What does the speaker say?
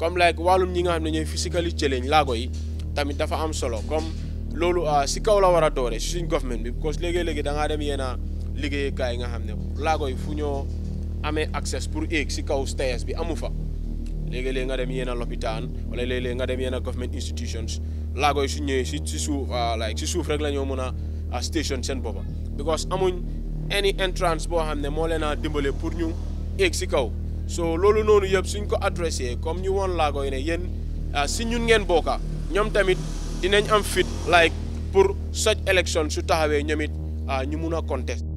comme like wàllum ñi nga xam ne ñooy physically challenge laago yi tamit dafa am solo comme loolu ah, si kaw la war a doore si suñ government bi parce que léegi-léegi dangaa dem yéen a liggéeyukaay yi nga xam ne laago yi fu ñoo amee access pour éeg si kaw stairs bi amu fa léegi-léegi nga dem yéen a lopitaan wala léeg-léeg nga dem yéen a government institutions laago yi su ñëwee si si suuf ah, like si suuf rek la ñoo mën a station seen boppa because amuñ any entrance boo xam ne moo leen a dimbale pour ñu éeg si kaw so loolu noonu yëpp suñ ko adressé comme ñu woon laa koy ne yéen ah, si ñun ngeen bokka ñoom tamit dinañ am fit like pour such election su taxawee ñoom it ah, ñu mun a contest